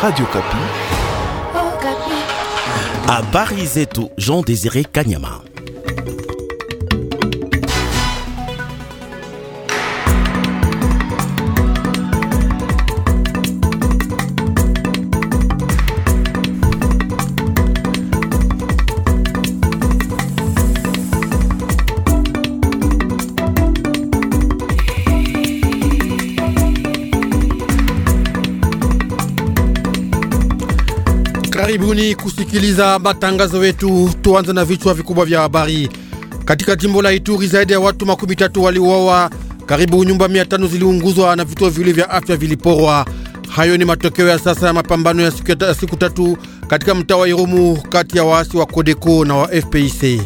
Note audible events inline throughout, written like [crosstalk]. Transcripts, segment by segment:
Radio Kapi. Oh, Kapi. À Jean-Désiré Kanyama. Karibuni kusikiliza matangazo yetu. Tuanze na vichwa vikubwa vya habari. Katika jimbo la Ituri zaidi ya watu makumi tatu waliuawa, karibu nyumba mia tano ziliunguzwa na vituo viwili vya afya viliporwa. Hayo ni matokeo ya sasa ya mapambano ya siku, ya siku tatu katika mtaa wa Irumu kati ya waasi wa Kodeko na wa FPIC.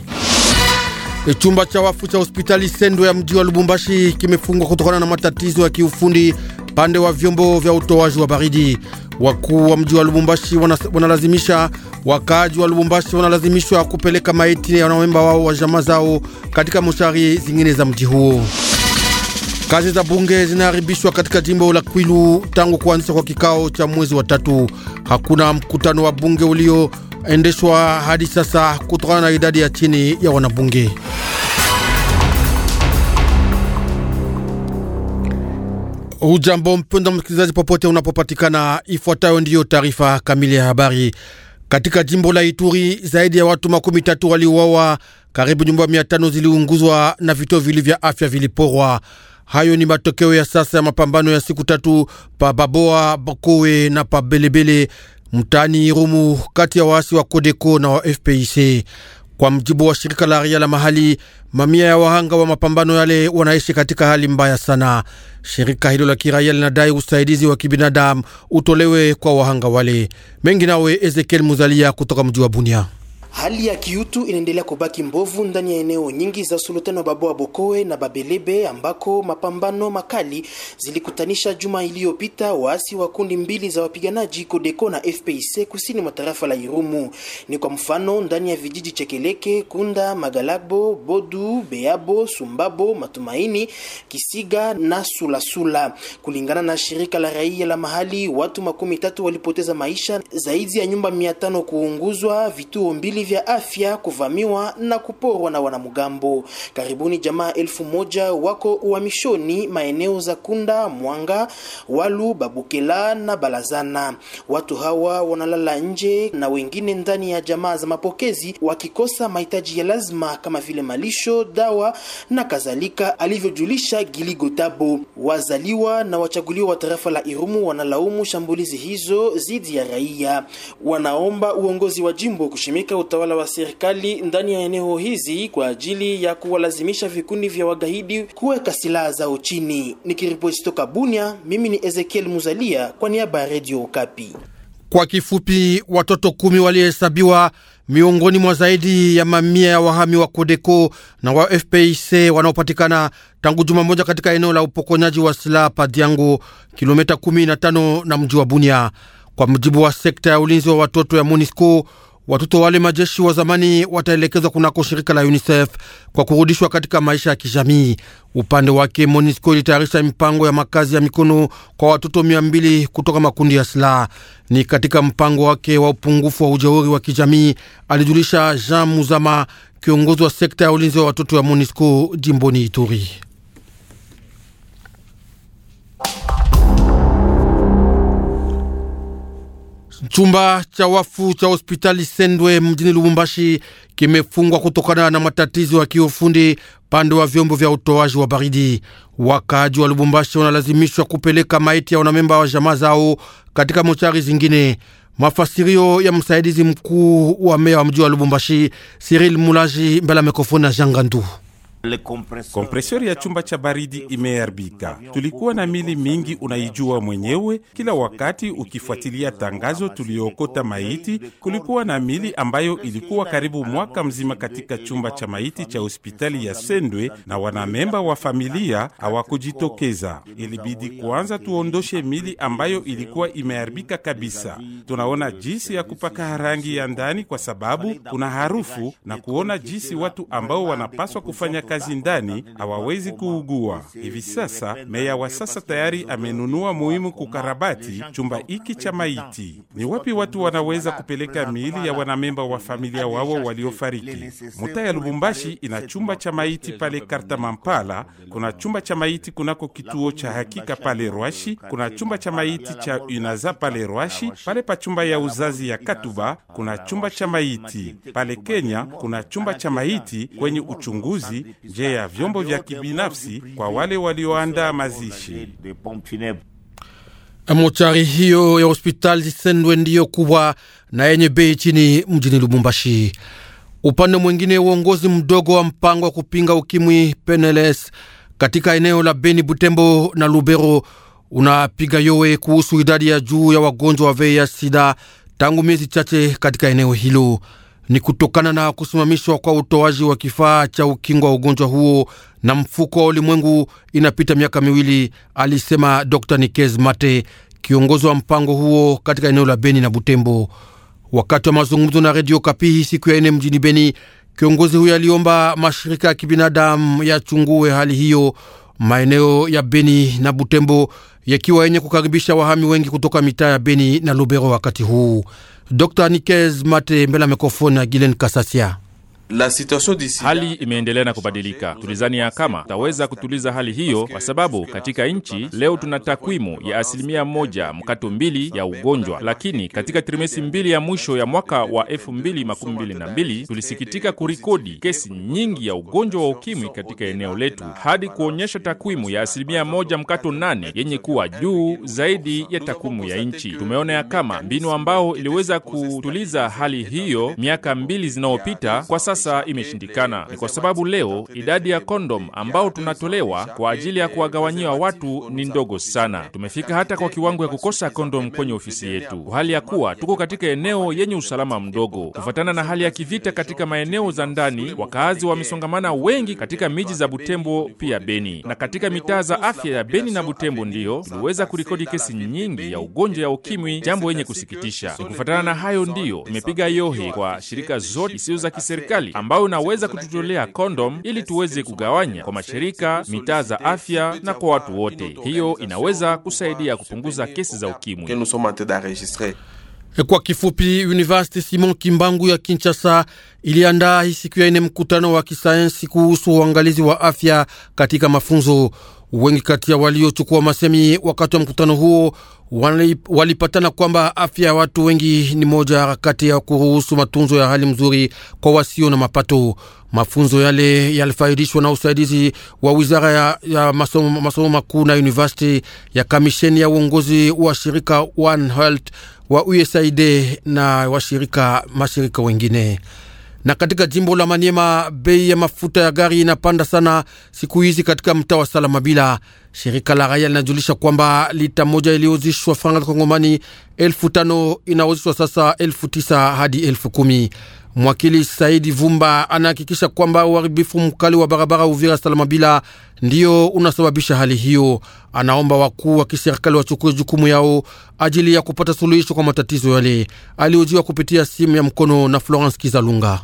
Chumba cha wafu cha hospitali sendo ya mji wa Lubumbashi kimefungwa kutokana na matatizo ya kiufundi pande wa vyombo vya utoaji wa baridi. Wakuu wa mji wa Lubumbashi wanalazimisha wakaaji wa Lubumbashi wanalazimishwa kupeleka maiti ya wanawemba wao wa jamaa zao katika moshari zingine za mji huo. Kazi za bunge zinaharibishwa katika jimbo la Kwilu tangu kuanzishwa kwa kikao cha mwezi wa tatu. Hakuna mkutano wa bunge ulioendeshwa hadi sasa kutokana na idadi ya chini ya wanabunge. Ujambo mpenda msikilizaji, popote unapopatikana, ifuatayo ndiyo taarifa kamili ya habari. Katika jimbo la Ituri zaidi ya watu makumi tatu waliuawa, karibu nyumba mia tano ziliunguzwa na vituo vili vya afya viliporwa. Hayo ni matokeo ya sasa ya mapambano ya siku tatu pa Baboa, Bakowe na pa Belebele mtaani Irumu kati ya waasi wa Kodeko na wa FPIC. Kwa mjibu wa shirika la ria la mahali, mamia ya wahanga wa mapambano yale wanaishi katika hali mbaya sana. Shirika hilo la kiraia linadai usaidizi wa kibinadamu utolewe kwa wahanga wale. Mengi nawe Ezekiel Muzalia kutoka mji wa Bunia. Hali ya kiutu inaendelea kubaki mbovu ndani ya eneo nyingi za sultani wa Baboa Bokoe na Babelebe ambako mapambano makali zilikutanisha juma iliyopita waasi wa kundi mbili za wapiganaji Kodeko na FPC kusini mwa tarafa la Irumu. Ni kwa mfano ndani ya vijiji Chekeleke, Kunda, Magalabo, Bodu, Beabo, Sumbabo, Matumaini, Kisiga na Sulasula. Kulingana na shirika la raia la mahali, watu makumi tatu walipoteza maisha, zaidi ya nyumba mia tano kuunguzwa, vituo mbili viwili vya afya kuvamiwa na kuporwa na wanamgambo. Karibuni jamaa elfu moja wako uhamishoni maeneo za Kunda, Mwanga, Walu, Babukela na Balazana. Watu hawa wanalala nje na wengine ndani ya jamaa za mapokezi, wakikosa mahitaji ya lazima kama vile malisho, dawa na kadhalika, alivyojulisha Giligotabo. Wazaliwa na wachaguliwa wa tarafa la Irumu wanalaumu shambulizi hizo dhidi ya raia, wanaomba uongozi wa jimbo kushimika utawala wa serikali ndani ya eneo hizi kwa ajili ya kuwalazimisha vikundi vya wagaidi kuweka silaha zao chini. Nikiripoti toka Bunia, mimi ni Ezekiel Muzalia kwa niaba ya Radio Okapi. Kwa kifupi, watoto kumi walihesabiwa miongoni mwa zaidi ya mamia ya wahami wa Kodeko na wa FPIC wanaopatikana tangu juma moja katika eneo la upokonyaji wa silaha Padiango, kilomita 15 na mji wa Bunia, kwa mujibu wa sekta ya ulinzi wa watoto ya MONUSCO. Watoto wale majeshi wa zamani wataelekezwa kunako shirika la UNICEF kwa kurudishwa katika maisha ya kijamii. Upande wake, MONUSCO ilitayarisha mipango ya makazi ya mikono kwa watoto mia mbili kutoka makundi ya silaha. Ni katika mpango wake wa upungufu wa ujeuri wa kijamii, alijulisha Jean Muzama, kiongozi wa sekta ya ulinzi wa watoto ya MONUSCO jimboni Ituri. Chumba cha wafu cha hospitali Sendwe mjini Lubumbashi kimefungwa kutokana na matatizo ya kiufundi pande wa vyombo vya utoaji wa baridi. Wakaaji wa Lubumbashi wanalazimishwa kupeleka maiti ya wanamemba wa jamaa zao katika mochari zingine. Mafasirio ya msaidizi mkuu wa meya wa mji wa Lubumbashi Cyril Mulaji mbele ya mikrofoni na Jangandu. Kompresori ya chumba cha baridi imeharibika. Tulikuwa na mili mingi, unaijua mwenyewe. Kila wakati ukifuatilia tangazo tuliokota maiti, kulikuwa na mili ambayo ilikuwa karibu mwaka mzima katika chumba cha maiti cha hospitali ya Sendwe, na wanamemba wa familia hawakujitokeza. Ilibidi kwanza tuondoshe mili ambayo ilikuwa imeharibika kabisa. Tunaona jinsi ya kupaka rangi ya ndani kwa sababu kuna harufu na kuona jinsi watu ambao wanapaswa kufanya kazi ndani hawawezi kuugua. Hivi sasa meya wa sasa tayari amenunua muhimu kukarabati chumba hiki cha maiti. Ni wapi watu wanaweza kupeleka miili ya wanamemba wa familia wao waliofariki? Mutaa ya Lubumbashi ina chumba cha maiti pale Karta Mampala, kuna chumba cha maiti kunako kituo cha hakika pale Rwashi, kuna chumba cha maiti cha Unaza pale Rwashi, pale pa chumba ya uzazi ya Katuba kuna chumba cha maiti pale Kenya, kuna chumba cha maiti kwenye uchunguzi nje ya vyombo vya kibinafsi kwa wale walioandaa mazishi. Mochari hiyo ya hospitali Zisendwe ndiyo kubwa na yenye bei chini mjini Lubumbashi. Upande mwingine, uongozi mdogo wa mpango wa kupinga ukimwi PNLS katika eneo la Beni, Butembo na Lubero unapiga yowe kuhusu idadi ya juu ya wagonjwa wa VIH sida tangu miezi chache katika eneo hilo ni kutokana na kusimamishwa kwa utoaji wa kifaa cha ukingo wa ugonjwa huo na mfuko wa ulimwengu inapita miaka miwili, alisema Dr Nikes Mate, kiongozi wa mpango huo katika eneo la Beni na Butembo, wakati wa mazungumzo na Redio hii siku ya ine mjini Beni. Kiongozi huyo aliomba mashirika ya kibinadamu yachungue hali hiyo, maeneo ya Beni na Butembo yakiwa yenye kukaribisha wahami wengi kutoka mitaa ya Beni na Lubero wakati huu. Dr Nikes Mate mbele ya mikrofoni ya Gilen Kasasia. La hali imeendelea na kubadilika. Tulizani ya kama tutaweza kutuliza hali hiyo, kwa sababu katika nchi leo tuna takwimu ya asilimia moja mkato mbili ya ugonjwa, lakini katika trimesi mbili ya mwisho ya mwaka wa elfu mbili makumi mbili na mbili tulisikitika kurikodi kesi nyingi ya ugonjwa wa ukimwi katika eneo letu hadi kuonyesha takwimu ya asilimia moja mkato nane yenye kuwa juu zaidi ya takwimu ya nchi. Tumeona ya kama mbinu ambao iliweza kutuliza hali hiyo miaka mbili zinayopita kwa sasa sasa imeshindikana. Ni kwa sababu leo idadi ya kondom ambao tunatolewa kwa ajili ya kuwagawanyia watu ni ndogo sana. Tumefika hata kwa kiwango ya kukosa kondom kwenye ofisi yetu, hali ya kuwa tuko katika eneo yenye usalama mdogo. Kufuatana na hali ya kivita katika maeneo za ndani, wakaazi wamesongamana wengi katika miji za Butembo pia Beni, na katika mitaa za afya ya Beni na Butembo ndiyo tuliweza kurikodi kesi nyingi ya ugonjwa ya ukimwi, jambo yenye kusikitisha. Ni kufuatana na hayo ndiyo tumepiga yohe kwa shirika zote isiyo za kiserikali ambayo unaweza kututolea kondom ili tuweze kugawanya kwa mashirika, mitaa za afya na kwa watu wote. Hiyo inaweza kusaidia kupunguza kesi za ukimwi. Eh, kwa kifupi, University Simon Kimbangu ya Kinshasa iliandaa hii siku ya ine mkutano wa kisayansi kuhusu uangalizi wa afya katika mafunzo. Wengi kati ya waliochukua masemi wakati wa mkutano huo walipatana kwamba afya ya watu wengi ni moja harakati ya kuruhusu matunzo ya hali mzuri kwa wasio na mapato. Mafunzo yale yalifaidishwa na usaidizi wa wizara ya, ya masomo, masomo makuu na university ya kamisheni ya uongozi wa shirika One Health wa USAID na washirika mashirika wengine. Na katika jimbo la Maniema, bei ya mafuta ya gari inapanda sana siku hizi katika mtaa wa Salamabila. Shirika la raia linajulisha kwamba lita moja iliozishwa franga kongomani elfu tano inaozishwa sasa elfu tisa hadi elfu kumi. Mwakili Saidi Vumba anahakikisha kwamba uharibifu mkali wa barabara Uvira Salamabila ndiyo unasababisha hali hiyo. Anaomba wakuu wa kiserikali wachukue jukumu yao ajili ya kupata suluhisho kwa matatizo yale. Alihojiwa kupitia simu ya mkono na Florence Kizalunga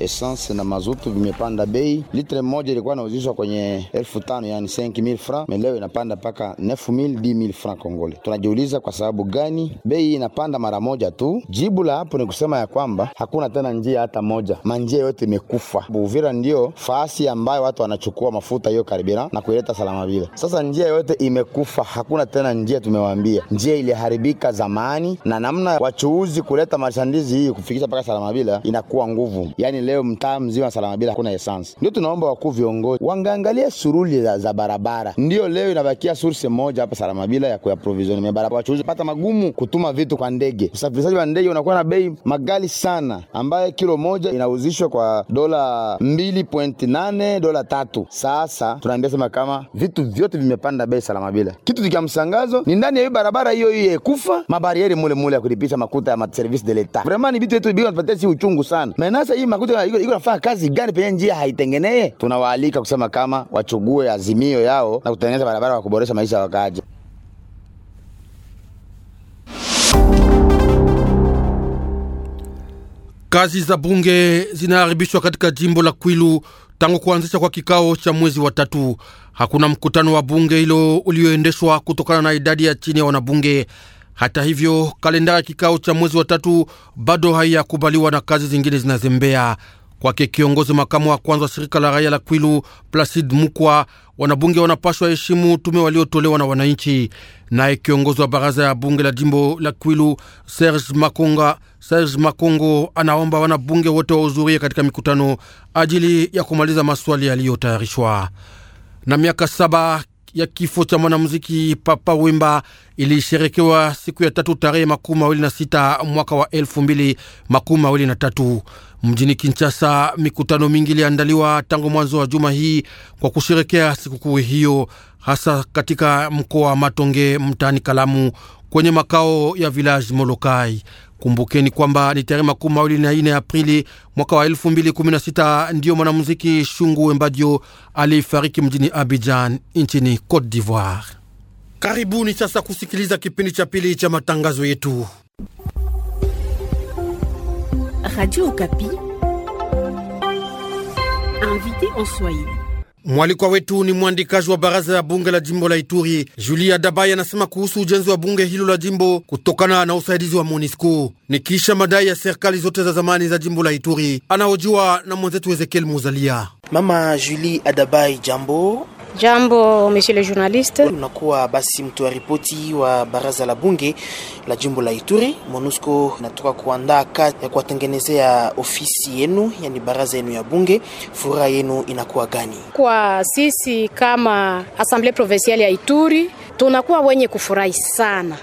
essence na mazutu vimepanda bei. Litre moja ilikuwa inauzishwa kwenye elfu tano yani 5000 francs, leo inapanda mpaka 9000 10000 francs kongole. Tunajiuliza kwa sababu gani bei inapanda mara moja tu? Jibu la hapo ni kusema ya kwamba hakuna tena njia hata moja, manjia yote imekufa. Uvira ndio fasi ambayo watu wanachukua mafuta hiyo karibira na kuileta salama vile. Sasa njia yote imekufa, hakuna tena njia. Tumewaambia njia iliharibika zamani, na namna wachuuzi kuleta marshandizi hii kufikisha mpaka salama vile inakuwa nguvu yani leo mtaa mzima salama bila kuna essence. Ndio tunaomba wakuu viongozi wangaangalia suruli za, za barabara, ndio leo inabakia source moja hapa salama bila ya kuaprovisioni barabara. Wachuuzi pata magumu kutuma vitu kwa ndege, usafirishaji wa ndege unakuwa na bei magali sana, ambaye kilo moja inauzishwa kwa dola 2.8 dola tatu. Sasa tunaambia sema kama vitu vyote vimepanda bei salama bila kitu tukia msangazo ni ndani ya barabara hiyo hiyo kufa mabarieri mule mule ya kulipisha makuta ya service de l'etat. Vraiment ni vitu yetu bila tupatia si uchungu sana. Maana sasa hii makuta iko nafanya kazi gani penye njia haitengeneye? Tunawaalika kusema kama wachugue azimio yao na kutengeneza barabara wa kuboresha maisha ya wakaaji. Kazi za bunge zinaharibishwa katika jimbo la Kwilu tangu kuanzisha kwa kikao cha mwezi wa tatu. Hakuna mkutano wa bunge hilo ulioendeshwa kutokana na idadi ya chini ya wanabunge hata hivyo, kalenda ya kikao cha mwezi wa tatu bado haiyakubaliwa na kazi zingine zinazembea kwake. Kiongozi makamu wa kwanza wa shirika la raia la Kwilu, Placid Mukwa, wanabunge wanapashwa heshimu tume waliotolewa na wananchi. Naye kiongozi wa baraza ya bunge la jimbo la Kwilu, Serge Makonga, Serge Makongo, anaomba wanabunge wote wahudhurie katika mikutano ajili ya kumaliza maswali yaliyotayarishwa na miaka saba ya kifo cha mwanamuziki Papa Wemba ilisherekewa siku ya tatu tarehe makumi mawili na sita mwaka wa elfu mbili makumi mawili na tatu mjini Kinshasa. Mikutano mingi iliandaliwa tangu mwanzo wa juma hii kwa kusherekea sikukuu hiyo, hasa katika mkoa wa Matonge mtaani Kalamu kwenye makao ya Village Molokai. Kumbukeni kwamba ni tarehe makumi mawili na ine Aprili mwaka wa elfu mbili kumi na sita ndiyo mwanamuziki Shungu Wembadio alifariki mjini Abidjan nchini Cote d'Ivoire. Karibuni sasa kusikiliza kipindi cha pili cha matangazo yetu Radio Okapi, invité en Swahili. Mwalikwa wetu ni mwandikaji wa baraza ya bunge la jimbo la Ituri, Julia Dabai, anasema kuhusu ujenzi wa bunge hilo la jimbo kutokana na usaidizi wa monisco ni kisha madai ya serikali zote za zamani za jimbo la Ituri. Anahojiwa na mwenzetu Ezekiel Muzalia. Mama Julie Adabai, jambo. Jambo, monsieur le journaliste. Unakuwa basi mtu wa ripoti wa baraza la bunge la jimbo la Ituri. MONUSCO inatoka kuandaa kazi ya kuwatengenezea ofisi yenu, yani baraza yenu ya bunge. Furaha yenu inakuwa gani? Kwa sisi kama Assemblée Provinciale ya Ituri tunakuwa wenye kufurahi sana.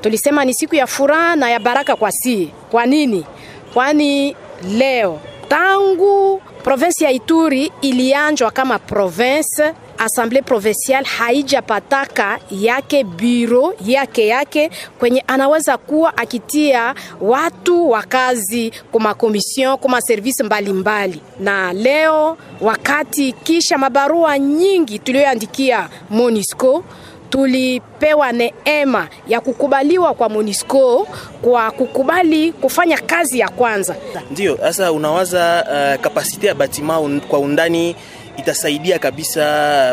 Tulisema ni siku ya furaha na ya baraka kwa si Kwa nini? Kwani leo tangu provinsi ya Ituri ilianjwa kama province Asamble provincial haijapataka yake biro yake yake kwenye anaweza kuwa akitia watu wa kazi kuma komision kuma service mbalimbali. Na leo wakati kisha mabarua nyingi tuliyoandikia Monisco tulipewa neema ya kukubaliwa kwa Monisco kwa kukubali kufanya kazi ya kwanza. Ndio sasa unawaza kapasite uh, ya batima un, kwa undani itasaidia kabisa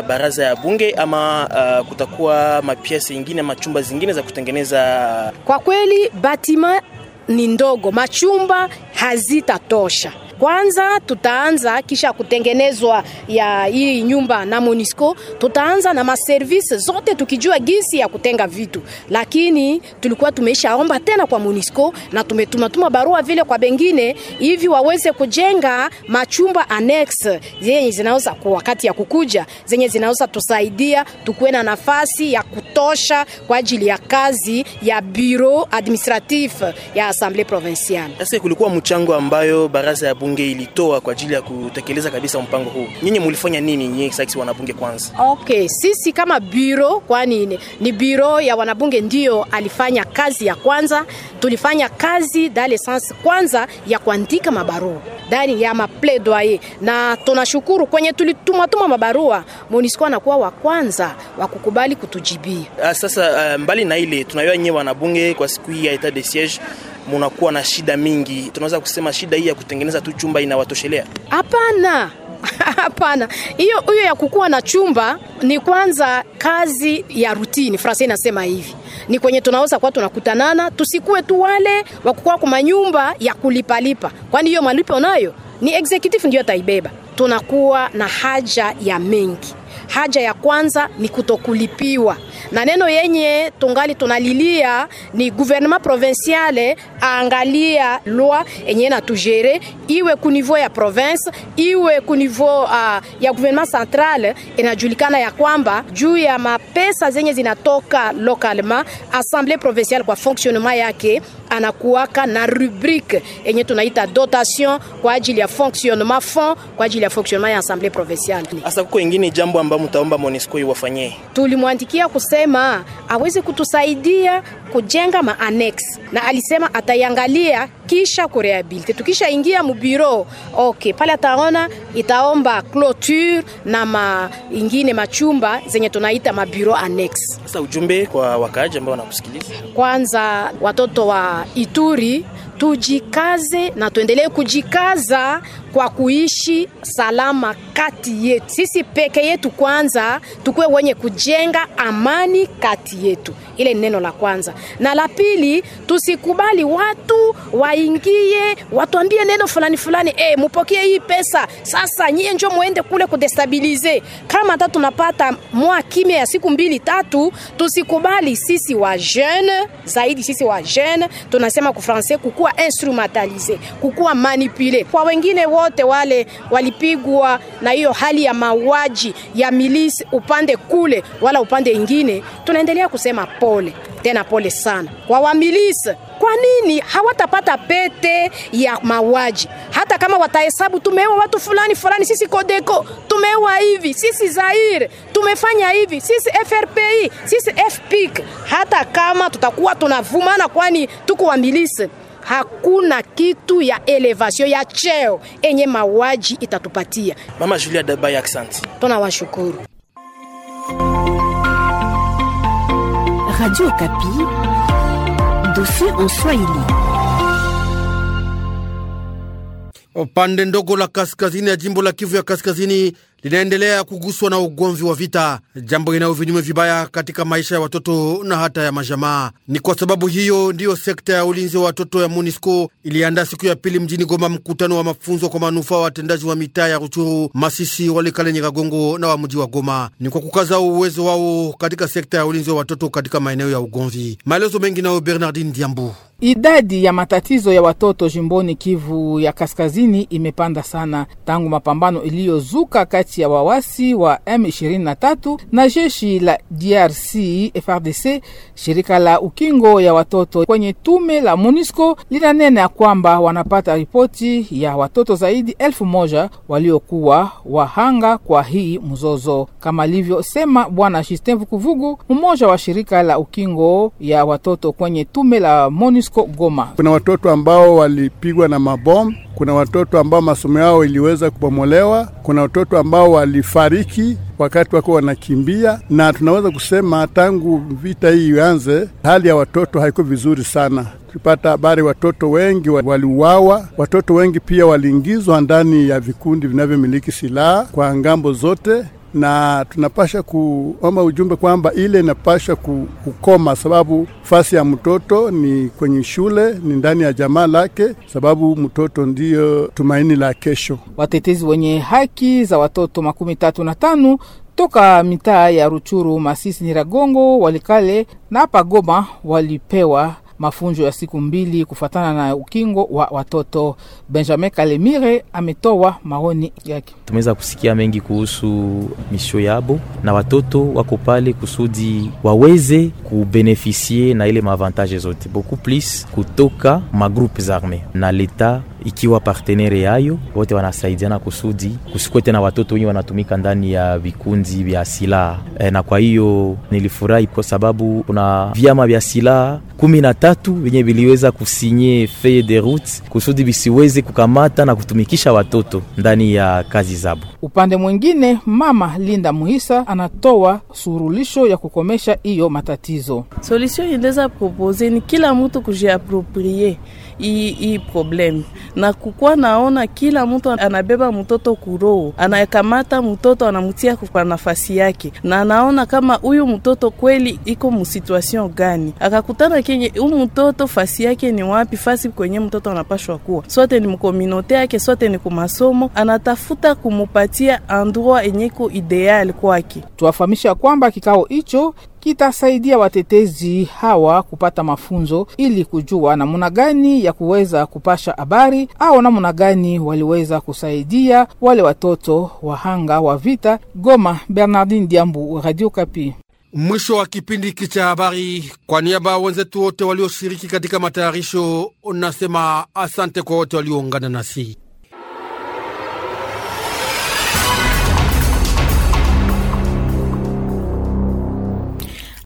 baraza ya bunge ama uh, kutakuwa mapiasi ingine ama chumba zingine za kutengeneza. Kwa kweli batima ni ndogo, machumba hazitatosha kwanza tutaanza kisha kutengenezwa ya hii nyumba na Monisco, tutaanza na maservisi zote tukijua gisi ya kutenga vitu, lakini tulikuwa tumeshaomba tena kwa Monisco na tumetumatuma barua vile kwa bengine hivi waweze kujenga machumba annex zenye zinaweza kwa wakati ya kukuja zenye zinaweza tusaidia tukuwe na nafasi ya ku kutosha kwa ajili ya kazi ya bureau administratif ya assemblée provinciale. Sasa kulikuwa mchango ambayo baraza ya bunge ilitoa kwa ajili ya kutekeleza kabisa mpango huu. Nyinyi mlifanya nini nyinyi sasa wanabunge kwanza? Okay, sisi kama bureau nini? ni bureau ya wanabunge ndio alifanya kazi ya kwanza. Tulifanya kazi dale sans kwanza ya kuandika mabarua ndani ya mapledoyer, na tunashukuru kwenye tulitumwatuma mabarua, MONUSCO anakuwa wa kwanza wa kukubali kutujibia hii. Ah, sasa ah, mbali na ile tunayoa nyewe wanabunge kwa siku hii ya etat de siege munakuwa na shida mingi, tunaweza kusema shida hii ya kutengeneza tu chumba inawatoshelea? Hapana. [laughs] Hapana, hiyo hiyo ya kukuwa na chumba ni kwanza kazi ya rutini. Fransa inasema hivi ni kwenye tunaweza kwa tunakutanana, tusikue tu wale kukua kwa manyumba ya kulipalipa, kwani hiyo malipo nayo ni executive ndio ataibeba. Tunakuwa na haja ya mengi Haja ya kwanza ni kutokulipiwa, na neno yenye tungali tunalilia ni gouvernement provinciale aangalia loi yenye tujere iwe ku niveau ya province, iwe ku niveau uh, ya gouvernement central. Inajulikana ya kwamba juu ya mapesa zenye zinatoka localement, assemblée provinciale kwa fonctionnement yake anakuwaka na rubrique yenye tunaita dotation kwa ajili ya fonctionnement fond, kwa ajili ya fonctionnement ya assemblée provinciale. Asa kuko ingine jambo ambao mtaomba Monisco iwafanyie. Tulimwandikia kusema awezi kutusaidia kujenga maanex, na alisema atayangalia kisha kurehabilite. Tukishaingia mubiro okay, pale ataona itaomba clôture na maingine machumba zenye tunaita mabiro annex. Sasa ujumbe kwa wakaaji ambao wanakusikiliza, kwanza watoto wa Ituri tujikaze na tuendelee kujikaza kwa kuishi salama kati yetu, sisi peke yetu. Kwanza tukuwe wenye kujenga amani kati yetu. Ile ni neno la kwanza, na la pili, tusikubali watu waingie watuambie neno fulani fulani, eh, mupokee hii pesa sasa, nyie njo muende kule kudestabilize. Kama hata tunapata mwa kimya ya siku mbili tatu, tusikubali sisi wa jeune, zaidi sisi wa jeune tunasema ku français, kukuwa instrumentalize, kukuwa manipule. Kwa wengine wote wale walipigwa na hiyo hali ya mauaji ya milisi upande kule wala upande ingine, tunaendelea kusema pole tena pole sana kwa wamilisi. Kwa nini hawatapata pete ya mauaji? Hata kama watahesabu tumeua watu fulani fulani, sisi Kodeko tumeua hivi, sisi Zaire tumefanya hivi, sisi FRPI, sisi FPIC, hata kama tutakuwa tunavumana, kwani tuko wamilisi hakuna kitu ya elevation ya cheo enye mauaji itatupatia. Mama Julia Dabaya, asante, tunawashukuru. Radio Kapi. Dossier en Swahili. Pande ndogo la kaskazini ya jimbo la Kivu ya kaskazini linaendelea kuguswa na ugomvi wa vita, jambo inayo vinyume vibaya katika maisha ya watoto na hata ya majamaa. Ni kwa sababu hiyo ndiyo sekta ya ulinzi wa watoto ya MONUSCO iliandaa siku ya pili mjini Goma mkutano wa mafunzo kwa manufaa wa watendaji wa mitaa ya Ruchuru, Masisi, Walikale, Nyiragongo na wa mji wa Goma, ni kwa kukaza uwezo wao katika sekta ya ulinzi wa watoto katika maeneo ya ugomvi. Maelezo mengi nayo Bernardin Diambu. Idadi ya matatizo ya watoto jimboni Kivu ya Kaskazini imepanda sana tangu mapambano iliyozuka kati kati ya wawasi wa M23 na jeshi la DRC FRDC. Shirika la ukingo ya watoto kwenye tume la MONUSCO linanena kwamba wanapata ripoti ya watoto zaidi elfu moja waliokuwa wahanga kwa hii mzozo, kama alivyosema Bwana Justin Vukuvugu, mmoja wa shirika la ukingo ya watoto kwenye tume la MONUSCO Goma. Kuna watoto ambao walipigwa na mabomu kuna watoto ambao masomo yao iliweza kubomolewa, kuna watoto ambao walifariki wakati wako wanakimbia, na tunaweza kusema tangu vita hii ianze, hali ya watoto haiko vizuri sana. Tulipata habari watoto wengi waliuawa, watoto wengi pia waliingizwa ndani ya vikundi vinavyomiliki silaha kwa ngambo zote na tunapasha kuoma ujumbe kwamba ile inapasha kukoma, sababu fasi ya mtoto ni kwenye shule, ni ndani ya jamaa lake, sababu mtoto ndiyo tumaini la kesho. Watetezi wenye haki za watoto makumi tatu na tano toka mitaa ya Ruchuru, Masisi, Nyiragongo, Walikale na hapa Goma walipewa mafunzo ya siku mbili kufatana na ukingo wa watoto. Benjamin Kalemire ametoa maoni yake. Tumeweza kusikia mengi kuhusu misho yabo na watoto wako pale kusudi waweze kubenefisie na ile maavantage zote beaucoup plus kutoka magroupe arme na leta ikiwa partenere yayo wote wanasaidiana kusudi kusikwete tena watoto wenye wanatumika ndani ya vikundi vya silaha e, na kwa hiyo nilifurahi kwa sababu kuna vyama vya silaha kumi na tatu vyenye viliweza kusinye feuille de route kusudi visiweze kukamata na kutumikisha watoto ndani ya kazi zabo. Upande mwingine, mama Linda Muhisa anatoa surulisho ya kukomesha hiyo matatizo. Solution inaweza propose ni kila mtu kujiaproprie hii problem, na kukuwa naona kila mtu anabeba mtoto kuroo, anakamata mtoto anamutia kwa nafasi yake, na anaona kama huyu mtoto kweli iko musituation gani, akakutana kenye huyu mtoto fasi yake ni wapi, fasi kwenye mtoto anapashwa kuwa. Sote ni mkominote yake, sote ni kumasomo, anatafuta kumupatia androa enyeko ideal kwake. Tuwafahamisha kwamba kikao hicho kitasaidia watetezi hawa kupata mafunzo ili kujua namna gani ya kuweza kupasha habari au namna gani waliweza kusaidia wale watoto wahanga wa vita. Goma, Bernardin Diambu, Radio Kapi. Mwisho wa kipindi hiki cha habari, kwa niaba wenzetu wote walioshiriki katika matayarisho, unasema asante kwa wote walioungana nasi.